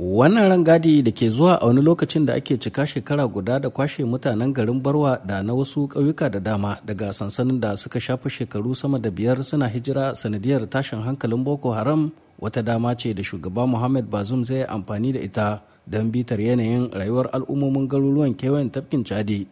wannan rangadi da ke zuwa a wani lokacin da ake cika shekara guda da kwashe mutanen garin barwa da na wasu ƙauyuka da dama daga sansanin da suka shafi shekaru sama da biyar suna hijira sanadiyar tashin hankalin boko haram wata dama ce da shugaba muhammad bazum zai amfani da ita don bitar yanayin rayuwar al'ummomin garuruwan kewayen tafkin chadi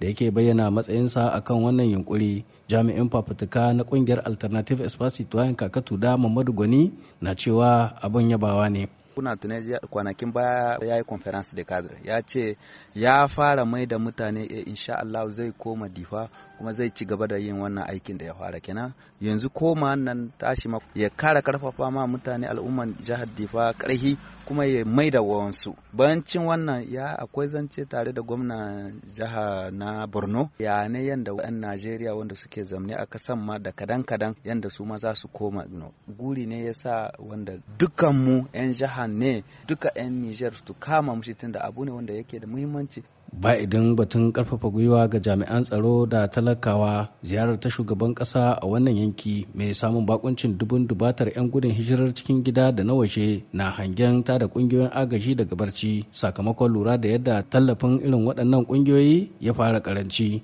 da yake bayyana matsayinsa akan wannan yunkuri jami'in fafutuka na kungiyar alternative tuwayen kakatu da mamadu gwani na cewa abin yabawa ne kuna tunai kwanakin baya ya yi conference de cadre ya ce ya fara mai da mutane e insha Allah zai koma difa kuma zai ci gaba da yin wannan aikin da ya fara kenan yanzu koma nan tashi ya kara karfafa ma mutane al'umman jihar difa karhi kuma ya mai da wawansu bayancin wannan ya akwai zance tare da gwamna jiha na borno ya ne yadda 'yan najeriya wanda suke zamne a kasan ma da kadan kadan yadda su ma za su koma guri ne ya sa wanda dukkanmu 'yan jiha Usman ne duka 'yan Nijar su kama mushi tunda abu ne wanda yake da muhimmanci. Ba idan batun karfafa gwiwa ga jami'an tsaro da talakawa ziyarar ta shugaban kasa a wannan yanki mai samun bakuncin dubun dubatar 'yan gudun hijirar cikin gida da na waje na hangen ta da kungiyoyin agaji daga barci sakamakon lura da yadda tallafin irin waɗannan kungiyoyi ya fara karanci.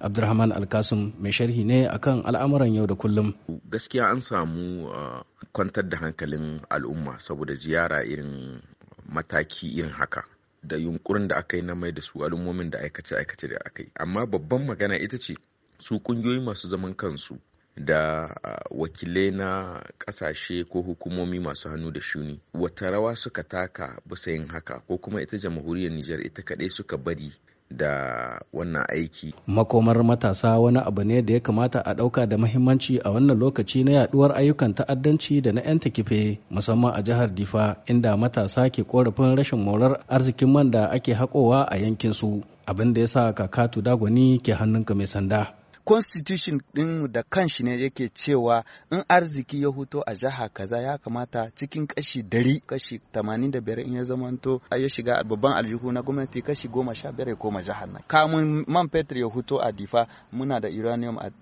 Abdurrahman Alkasum mai sharhi ne akan al'amuran yau da kullum. Gaskiya an samu ah, kwantar da hankalin al'umma saboda ziyara irin mataki irin haka. da yunkurin da aka yi na mai da su al'ummomin da aikace-aikace da aka yi amma babban magana ita ce su kungiyoyi masu zaman kansu da ah, wakilai na kasashe ko hukumomi masu hannu da shuni wata rawa suka taka bisa yin haka ko kuma ita jamhuriyar Nijar ita kaɗai suka bari da wannan aiki. Makomar matasa wani abu ne da ya kamata a ɗauka da mahimmanci a wannan lokaci na yaduwar ayyukan ta'addanci da na 'yanta kife musamman a jihar Difa inda matasa ke korafin rashin morar arzikin man da ake haƙowa a yankinsu abin da ya sa kakatu dagwani ke hannunka mai sanda. constitution ɗin da kanshi ne yake cewa in arziki ya huto a jihar kaza ya kamata cikin kashi dari kashi tamanin da biyar in ya zamanto ya shiga babban aljihu na gwamnati kashi goma sha biyar ya koma jihar nan kamun man fetur ya huto a difa muna da uranium a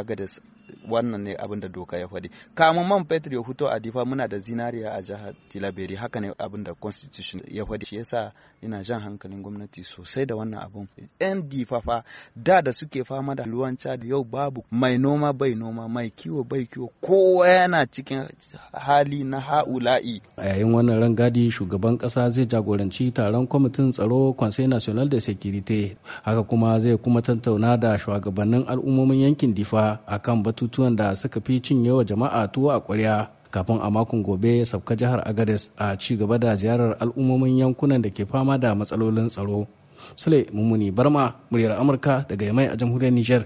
agadas wannan ne abin da doka ya faɗi kamun man fetur ya fito a difa muna da zinariya a jihar tilaberi haka ne abin da constitution ya faɗi shi yasa ina jan hankalin gwamnati sosai da wannan abun yan difa fa da da suke fama da ruwan chad yau babu mai noma bai noma mai kiwo bai kiwo kowa yana cikin hali na ha'ula'i a yayin wannan rangadi shugaban kasa zai jagoranci taron kwamitin tsaro conseil national de sécurité haka kuma zai kuma tattauna da shugabannin al'ummomin yankin difa akan batutu batutuwan da suka fi cinyewa jama'a tuwo a ƙwarya kafin a makon gobe ya sauka jihar agades a ci gaba da ziyarar al'ummomin yankunan da ke fama da matsalolin tsaro sule mummuni barma muryar amurka daga yamai a jamhuriyar niger